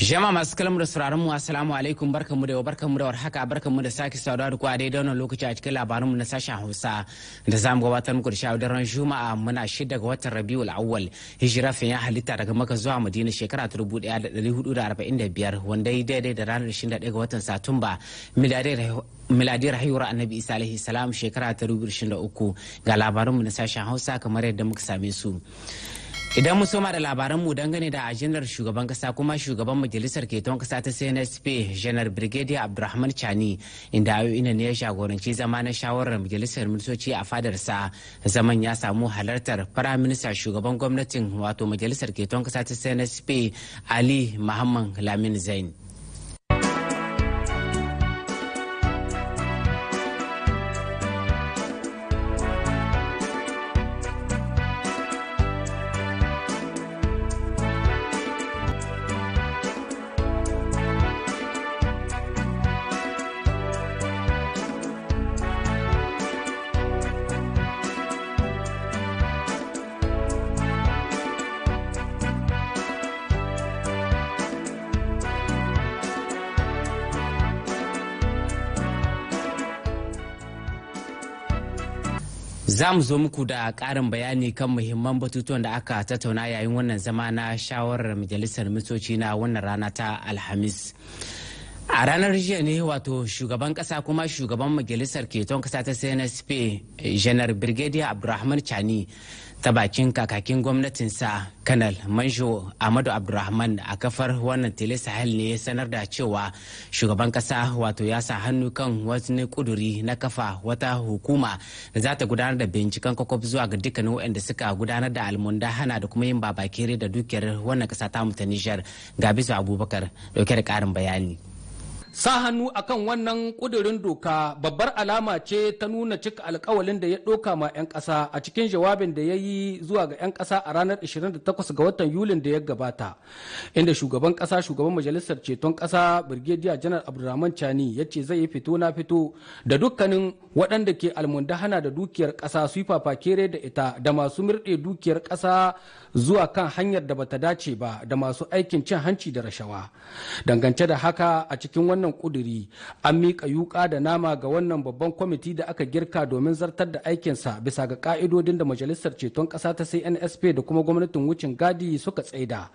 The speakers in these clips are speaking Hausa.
Jama masu kalamu da sauraron mu assalamu alaikum barkanmu da barkanmu da warhaka mu da sake saduwa da ku a daidai wannan lokaci a cikin mu na sashen Hausa da zamu gabatar muku da shi a Juma'a muna shida ga watan Rabiul Awwal hijira fin ya halitta daga Makka zuwa Madina shekara 1445 wanda ya daidai da ranar 21 ga watan Satumba miladi haihuwar Annabi Isa alaihi salam shekara ta 2023 ga labaranmu na sashen Hausa kamar yadda muka same su. Idan mu soma da labaranmu dangane da ajinar shugaban kasa kuma shugaban majalisar keton kasa ta CNSP janar Brigadier Abdulrahman Chani inda ayo ina ne ya shagoranci zama na shawarar majalisar ministoci a fadarsa zaman ya samu halartar Minister shugaban gwamnatin wato majalisar keton kasa ta CNSP Ali Muhammad Lamin Zain. Za mu zo muku da ƙarin bayani kan muhimman batutuwan da aka tattauna yayin wannan zama na shawarar majalisar ministoci na wannan rana ta Alhamis. a ranar jiya ne wato shugaban kasa kuma shugaban majalisar keton kasa ta cnsp janar brigadier abdulrahman chani ta bakin kakakin gwamnatinsa kanal manjo ahmadu abdulrahman a kafar wannan tele sahel ne ya sanar da cewa shugaban kasa wato ya sa hannu kan wani kuduri na kafa wata hukuma da za ta gudanar da binciken kwakwaf zuwa ga dukkanin waɗanda suka gudanar da almunda hana da kuma yin babakere da dukiyar wannan kasa ta mu ta nijar ga bisa abubakar dauke da ƙarin bayani Sa hannu akan wannan ƙudurin doka babbar alama ce ta nuna cika alkawalin da ya ɗoka ma 'yan ƙasa a cikin jawabin da ya yi zuwa ga 'yan ƙasa a ranar 28 ga watan Yulin da ya gabata. Inda shugaban ƙasa shugaban majalisar ceton ƙasa Birgediya Janar Abdulrahman Chani ya ce zai yi fito na fito da dukkanin waɗanda ke almunda hana da dukiyar ƙasa su yi fafakere da ita da masu mirɗe dukiyar ƙasa zuwa kan hanyar da bata dace ba da masu aikin cin hanci da rashawa. Dangance da haka a cikin wannan wannan kuduri an miƙa yuƙa da nama ga wannan babban kwamiti da aka girka domin zartar da aikinsa bisa ga ka'idodin da majalisar ceton ƙasa ta cnsp da kuma gwamnatin wucin gadi suka tsaida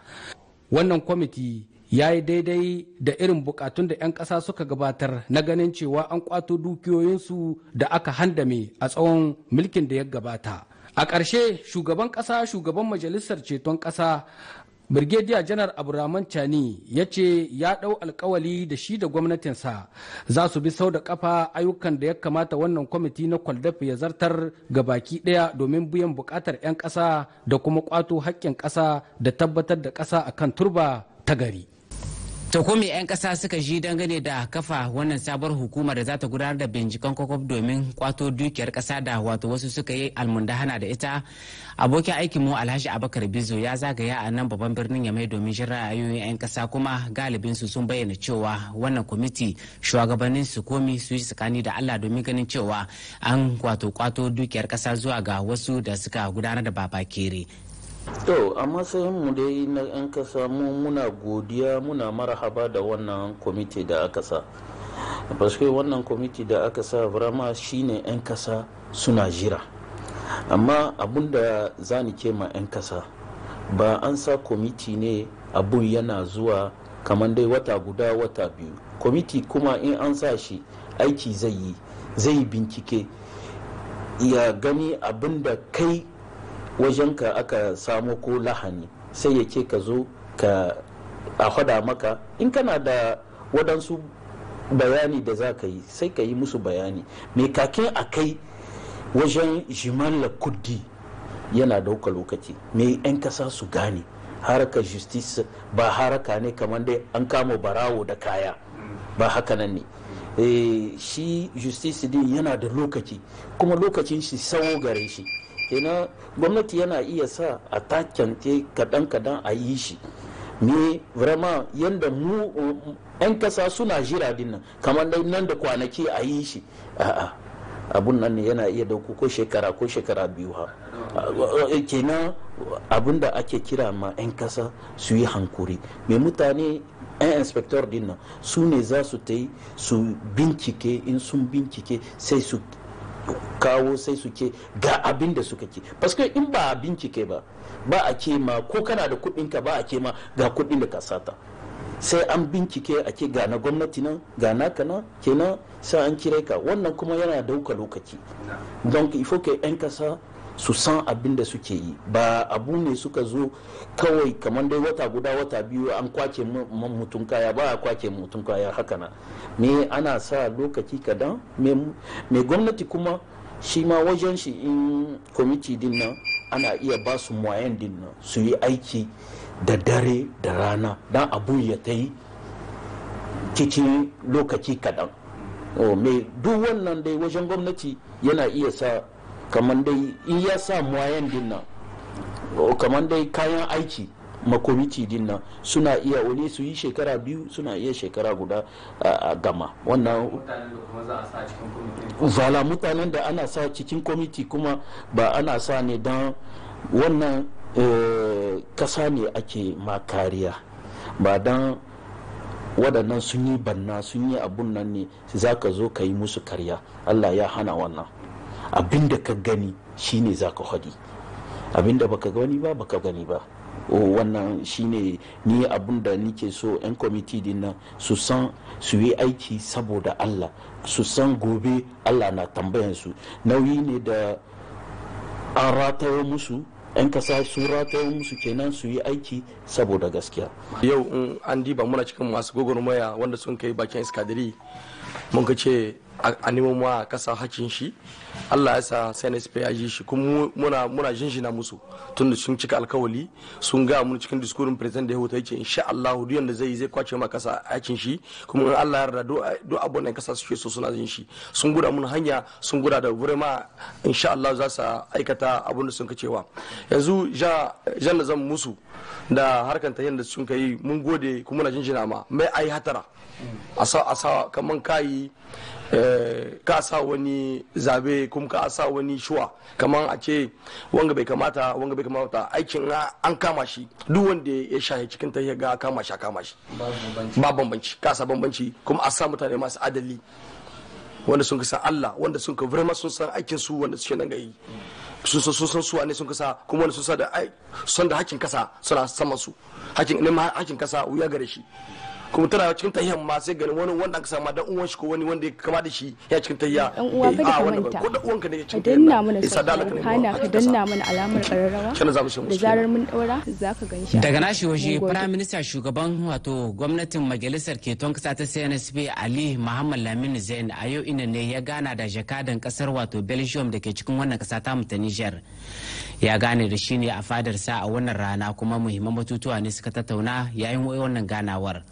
wannan kwamiti ya yi daidai da irin bukatun da 'yan ƙasa suka gabatar na ganin cewa an kwato dukiyoyinsu da aka handame a tsawon mulkin da ya gabata a ƙarshe shugaban ƙasa shugaban majalisar ceton ƙasa Birgediya Janar Abdurrahman Chani ya ce ya ɗau alkawali da shi da gwamnatinsa za su bi sau da kafa ayyukan da ya kamata wannan kwamiti na kwaldafi ya zartar ga baki ɗaya domin biyan buƙatar 'yan ƙasa da kuma ƙwato haƙƙin ƙasa da tabbatar da ƙasa akan turba ta gari. To ko 'yan kasa suka ji dangane da kafa wannan sabuwar hukumar da za ta gudanar da binciken kokob domin kwato dukiyar kasa da wato wasu suka yi almundahana da ita abokin aikin mu alhaji abakar bizo ya zagaya a nan babban birnin yamai domin jin ra'ayoyin 'yan kasa kuma galibin su sun bayyana cewa wannan kwamiti shugabannin su komi su yi tsakani da allah domin ganin cewa an wato kwato dukiyar kasa zuwa ga wasu da suka gudanar da babakere To a mu dai na 'yan kasa mu muna godiya muna marhaba da wannan kwamiti da aka sa. Baskai wannan kwamiti da aka sa shi shine 'yan kasa suna jira. Amma abun da za ni ce ma 'yan kasa ba an sa kwamiti ne abun yana zuwa kamar dai wata guda wata biyu. Kwamiti kuma in an sa shi aiki zai yi zai bincike ya gani abin da kai wajen ka aka samu ko lahani sai ya ce ka zo ka a faɗa maka in kana da waɗansu bayani da za ka yi sai ka yi musu bayani mai kakin a kai wajen jimalla kuddi yana dauka lokaci mai 'yan kasa su gane haraka justice ba haraka ne kamar dai an kama barawo da kaya ba haka nan ne eh, shi justice din yana da lokaci kuma lokacin shi sawo gare shi kenan gwamnati yana iya sa a takyanke kadan-kadan a yi shi me rama yadda mu 'yan kasa suna jira dinnan kamar nan da kwanaki a yi shi a'a abun nan yana iya dauko ko shekara ko shekara biyu ha eh, kenan abun da ake kira ma 'yan kasa su yi hankuri mai mutane 'yan inspector din su ne za su ta yi su bincike in sun bincike sai su kawo sai suke ga abin da suka ke paske in ba a bincike ba ba a ke ma ko kana da kuɗin ka ba a ke ma ga kudin da ka sata sai an bincike a ke ga na gwamnati nan ga naka nan kenan sai an kire ka wannan kuma yana dauka lokaci don ifo ke 'yan kasa su san abin da suke yi ba abu ne suka zo kawai kamar dai wata guda wata biyu an kwace mutum kaya ba a kwace mutum kaya haka na me ana sa lokaci kadan me gwamnati kuma shi ma wajen shi in kwamiti din nan ana iya ba su mayan din nan su yi aiki da dare da rana don abu ya ta yi cikin lokaci kadan oh, me duk wannan dai wajen gwamnati yana iya sa kamar dai in ya sa muwayan dinna oh, kamar dai kayan aiki makomiti dinnan suna iya wani su yi shekara biyu suna iya shekara guda a gama wannan zala mutanen da ana sa cikin komiti kuma ba ana sa ne don wannan eh, kasa ne ake makariya ba don waɗannan sun yi banna sun yi abun nan ne za ka zo ka yi musu karya allah ya hana wannan abinda ka gani shine za ka hadi abinda baka gani ba baka gani ba oh, wannan shine ni abin da nike so 'yan kwamiti din nan su san su yi aiki saboda allah su san gobe allah na tambayan su nauyi ne da an ratayo musu 'yan kasa su ratayo musu kenan su yi aiki saboda gaskiya yau an diba muna cikin masu gwagwarmaya wanda sun kai bakin iskadiri mun ka ce a nemo ma kasa hakin shi allah ya sa cnsp ya yi shi kuma muna muna jinjina musu tunda sun cika alkawali sun ga mun cikin diskurin president da ya huta yake insha allah duk yanda zai zai kwace ma kasa hakin shi kuma in allah ya yarda duk abun da kasa suke so suna jin shi sun guda mun hanya sun guda da ma insha allah za su aikata abun da sun kacewa yanzu ja jan zan musu da harkan ta yadda sun kai mun gode kuma na jinjina ma mai ai hatara a sa kaman kayi eh, ka sa wani zabe kuma ka sa wani shuwa kaman a ce wanga bai kamata wanga bai kamata aikin an kama shi duk wanda ya shahe cikin ta ga kama shi kama shi ba bambanci ka sa bambanci kuma a sa mutane masu adali wanda sun ka san Allah wanda sun ka vrema sun san aikin su wanda suke nan ga yi sun san sun san su ne sun kasa kuma wani sun san da ai son da hakkin kasa suna sama su hakkin hakkin kasa wuya gare shi kuma tana cikin tahiya ma sai ganin wani wanda aka samu dan uwan shi ko wani wanda ya kama da shi ya cikin tahiya dan uwa kada eh, ka manta ko dan uwan ka ne cikin tahiya danna mana sai hana ka danna mana alamar kararrawa da zarar mun daura zaka ganshi daga nashi waje prime minister shugaban wato gwamnatin majalisar keton kasa ta CNSP Ali Muhammad Lamin Zain a yau ina ne ya gana da jakadan kasar wato Belgium da ke cikin wannan kasa ta mu Niger ya gane da shi ne a fadarsa a wannan rana kuma muhimman batutuwa ne suka tattauna yayin wannan ganawar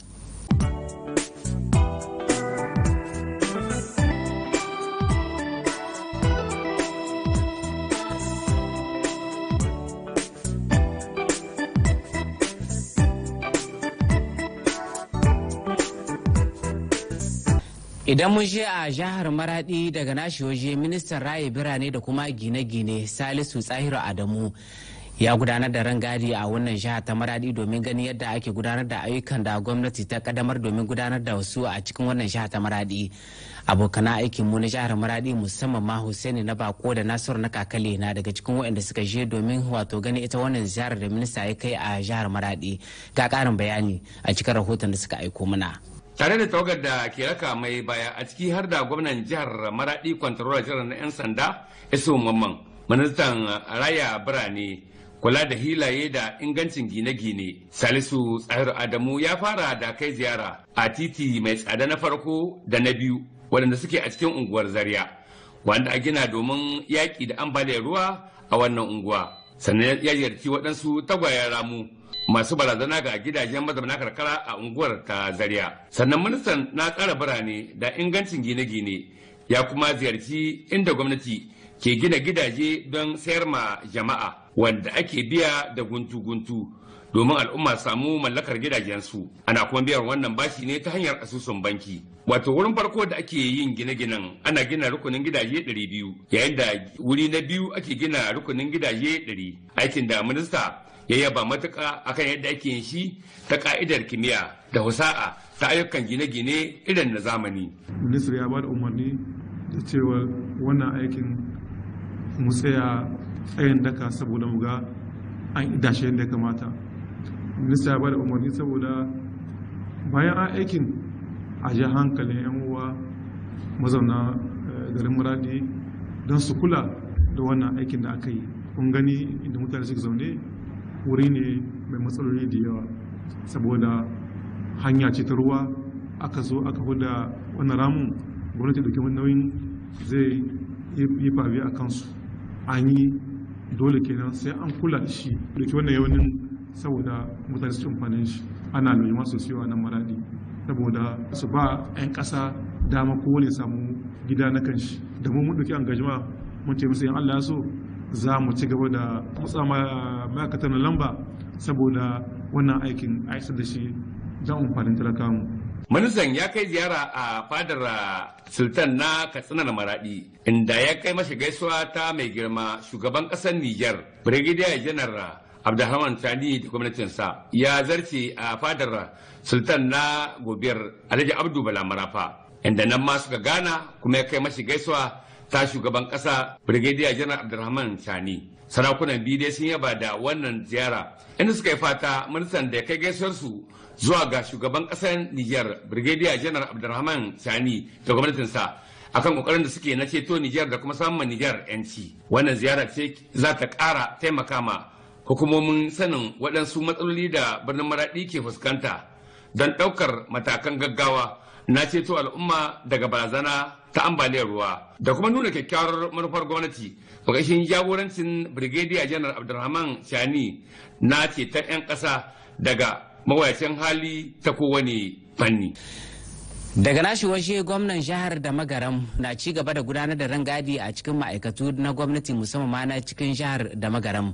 Idan mun je a jihar Maradi daga nashi waje ministan raye birane da kuma gine-gine Salisu Tsahiru Adamu ya gudanar da rangadi a wannan jihar ta Maradi domin ganin yadda ake gudanar da ayyukan da gwamnati ta kadamar domin gudanar da wasu a cikin wannan jihar ta Maradi. Abokan aikin mu na jihar Maradi musamman ma Hussaini na Bako da Nasiru na Kakale na daga cikin waɗanda suka je domin wato gani ita wannan ziyarar da minista ya kai a jihar Maradi. Ga ƙarin bayani a cikin rahoton da suka aiko mana. tare da tawagar da ke raka mai baya a ciki har da gwamnan jihar maradi kwantarola jihar na 'yan sanda iso mamman ministan raya birane kula da hilaye da ingancin gine-gine. Salisu Tsahir Adamu ya fara da kai ziyara a titi mai tsada na farko da na biyu waɗanda suke a cikin unguwar Zaria, wanda a gina domin yaƙi da ambaliyar ruwa a wannan unguwa. Sannan ya ziyarci waɗansu tagwayen ramu masu barazana ga gidajen mazauna karkara a unguwar ta Zaria. Sannan ministan na tsara birane da ingancin gine-gine ya kuma ziyarci inda gwamnati ke gina gidaje don sayar ma jama'a wanda ake biya da guntu-guntu domin al'umma samu mallakar gidajensu ana kuma biyar wannan bashi ne ta hanyar asusun banki wato wurin farko da ake yin gine-ginen ana gina rukunin gidaje 200 yayin da wuri na biyu ake gina rukunin gidaje 100 aikin da minista ya yaba matuka akan yadda ake yin shi ta ka'idar kimiyya da husa'a ta ayyukan gine-gine irin na zamani. Ministry ya ba da umarni da cewa wannan aikin mu tsaya tsayin daka saboda mu ga an idashe yadda ya kamata. Ministry ya ba da umarni saboda bayan an aikin a ji hankalin 'yan uwa mazauna eh, garin muradi don su kula da wannan aikin da aka yi. Kun gani inda mutane suke zaune wuri ne mai matsaloli da yawa saboda hanya ce ta ruwa aka zo aka huda wani ramun gwamnati da kuma nauyin zai yi fabi a kansu an yi dole kenan sai an kula da shi da ke wannan yaunin saboda mutane su amfanin shi ana masu sosai wa nan maradi saboda su ba 'yan ƙasa dama kowane samu gida na kanshi da mu mun ɗauki an gajima mun ce musu yan Allah so za mu ci gaba da kutsa ma'aikatar lamba saboda wannan aikin aisa da shi don amfanin talakamu. Ministan ya kai ziyara a fadar uh, Sultan na Katsina da Maradi, inda ya kai mashi gaisuwa ta mai girma shugaban ƙasar Nijar, Brigadier General uh, Abdulrahman Tani da gwamnatinsa ya zarce a fadar uh, Sultan na Gobiyar Alhaji Abdu Bala Marafa, inda nan ma suka gana kuma ya kai mashi gaisuwa ta shugaban ƙasa Brigadier Janar Abdulrahman Sani. Sarakunan biyu dai sun yaba da wannan ziyara inda suka yi fata ministan da ya kai gaisuwar su zuwa ga shugaban ƙasar Nijar Brigadier Janar Abdulrahman Sani da gwamnatin sa akan kokarin da suke na ceto Nijar da kuma samun Nijar 'yanci. Wannan ziyara ce za ta ƙara taimaka ma hukumomin sanin waɗansu matsaloli da birnin maraɗi ke fuskanta don ɗaukar matakan gaggawa na ceto al'umma daga barazana ta ambaliyar ruwa da kuma nuna kyakkyawar manufar gwamnati ƙarƙashin jagorancin brigadier janar abdulrahman shani na ce ta 'yan ƙasa daga mawayacin hali ta kowane fanni. daga nashi waje gwamnan jihar da magaram na ci gaba da gudanar da rangadi a cikin ma'aikatu na gwamnati musamman ma na cikin jihar da magaram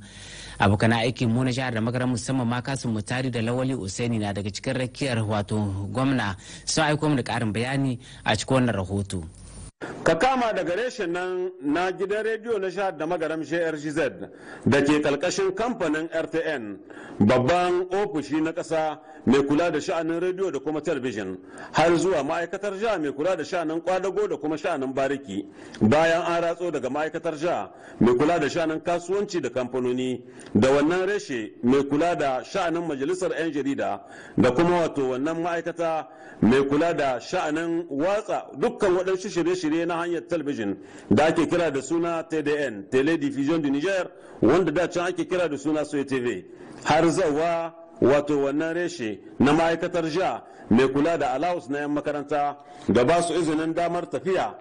abokan aikin mu na jihar da magaram musamman ma kasu mutari da lawali usaini na daga cikin rakiyar wato gwamna sun aiko mu da karin bayani a cikin wannan rahoto ka kama daga reshen nan na gidan rediyo na sha da magaram rgz da ke kalkashin kamfanin rtn babban ofishi na ƙasa mai kula da sha'anin rediyo da kuma talabijin har zuwa ma'aikatar jiha mai kula da sha'anin kwadago da kuma sha'anin bariki bayan an ratso daga ma'aikatar jiha mai kula da sha'anin kasuwanci da kamfanoni da wannan reshe mai kula da sha'anin majalisar 'yan jarida da kuma wato wannan ma'aikata mai kula da sha'anin watsa dukkan waɗansu shirye-shirye shirye na hanyar talabijin da ake kira da suna tdn teledivision du niger wanda da can ake kira da suna soy tv har zauwa wato wannan reshe na ma'aikatar jiya mai kula da alawus na 'yan makaranta da ba su izinin damar tafiya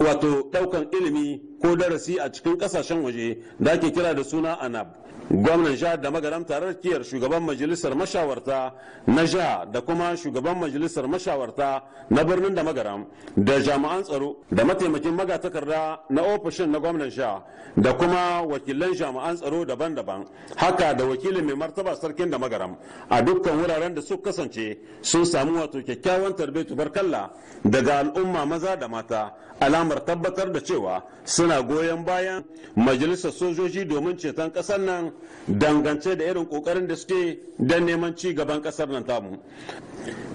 wato daukan ilimi ko darasi a cikin kasashen waje da ake kira da suna anab gwamnan jihar da magaram tarayyar shugaban majalisar mashawarta na jiha da kuma shugaban majalisar mashawarta na birnin da magaram da jami'an tsaro da mataimakin magatakarda na ofishin na gwamnan jiha da kuma wakilan jami'an tsaro daban-daban haka da wakilin mai martaba sarkin da magaram a dukkan wuraren da suka kasance sun samu wato kyakkyawan tarbe tubarkalla daga al'umma maza da mata alamar tabbatar da cewa suna goyon bayan majalisar sojoji domin ceton kasar nan dangance da irin kokarin da suke don neman ci gaban kasar nan tamu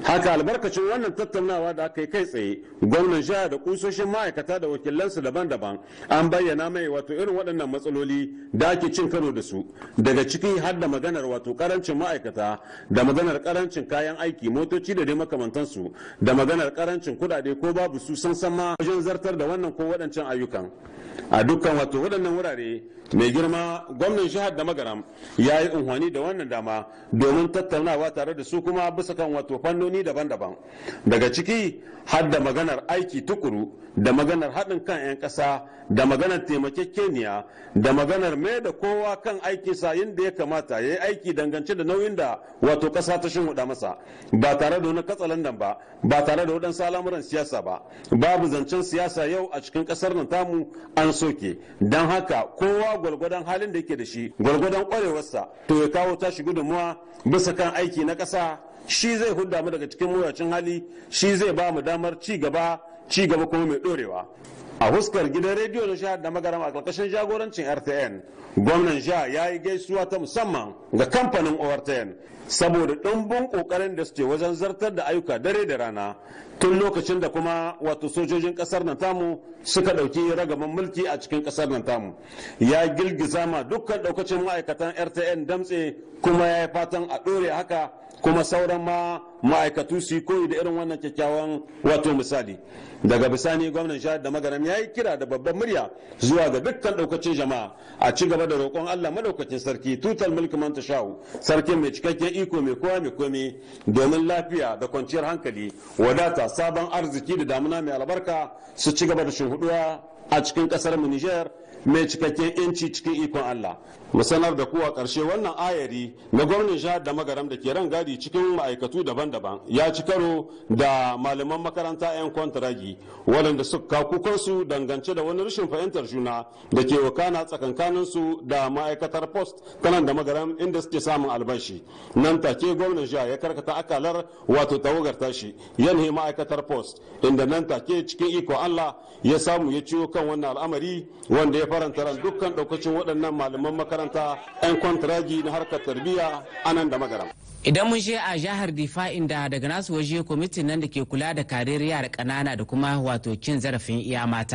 haka albarkacin wannan tattaunawa da aka yi kai tsaye gwamnan jiha da kusoshin ma'aikata da wakilansu daban-daban an bayyana mai wato irin waɗannan matsaloli da ake cin karo da su daga ciki har da maganar wato karancin ma'aikata da maganar karancin kayan aiki motoci da dai makamantansu da maganar karancin kuɗaɗe ko babu su san sama zartar da wannan ko waɗancan ayyukan a dukkan wato waɗannan wurare mai girma gwamnan jihar da magaram ya yi unhwani da wannan dama domin tattaunawa tare da su kuma bisa kan wato fannoni daban-daban daga ciki har da maganar aiki tukuru da maganar haɗin kan 'yan ƙasa da maganar taimakekeniya da maganar mai da kowa kan sa yadda ya kamata ya yi aiki dangance da nauyin da wato ƙasa ta shinhuda masa ba tare da wani katsalandan ba ba tare da waɗansu al'amuran siyasa ba babu zancen siyasa yau a cikin ƙasar nan tamu an an soke don haka kowa gwalgwadon halin da yake da shi gwalgwadon kwarewarsa to ya kawo tashi gudunmuwa bisa kan aiki na ƙasa shi zai hudda mu daga cikin mawuyacin hali shi zai ba mu damar ci gaba ci gaba kuma mai ɗorewa a huskar gidan rediyo na jihar da magaram a ƙarƙashin jagorancin rtn gwamnan sha ya yi gaisuwa ta musamman ga kamfanin ortn saboda ɗumbin ƙoƙarin da suke wajen zartar da ayyuka dare da rana tun lokacin da kuma wato sojojin ƙasar nan tamu suka ɗauki ragaman mulki a cikin ƙasar nan tamu ya girgiza ma dukkan ɗaukacin ma'aikatan rtn damtse kuma ya yi fatan a ɗore haka kuma sauran ma ma'aikatu su yi koyi da irin wannan kyakkyawan wato misali daga bisani gwamnan jihar da magaram ya yi kira da babban murya zuwa ga dukkan daukacin jama'a a ci gaba da roƙon allah madaukakin sarki tutar mulki Manta, shahu Sarki mai cikakken iko mai kowa mai komi domin lafiya da kwanciyar hankali wadata sabon arziki da damuna mai albarka su ci gaba da shinhuduwa a cikin ƙasar mu niger mai cikakken yanci cikin ikon Allah mu sanar da kuwa ƙarshe wannan ayari na gwamnan jihar da magaram da ke ran gadi cikin ma'aikatu daban-daban ya ci karo da malaman makaranta 'yan kwantaragi waɗanda suka su dangance da wani rashin fahimtar juna da ke wakana tsakankanin su da ma'aikatar post ta da magaram inda suke samun albashi nan take gwamnan jihar ya karkata akalar wato tawagar tashi yanhe ma'aikatar post inda nan take cikin ikon Allah ya samu ya ciwo kan wannan al'amari wanda ya farantaran dukkan daukacin waɗannan malaman makaranta 'yan kwantaragi na harkar tarbiyya anan da magaram. Idan mun je a jihar Difa inda daga nasu waje kwamitin nan da ke kula da kariyar yara ƙanana da kuma wato cin zarafin iya mata.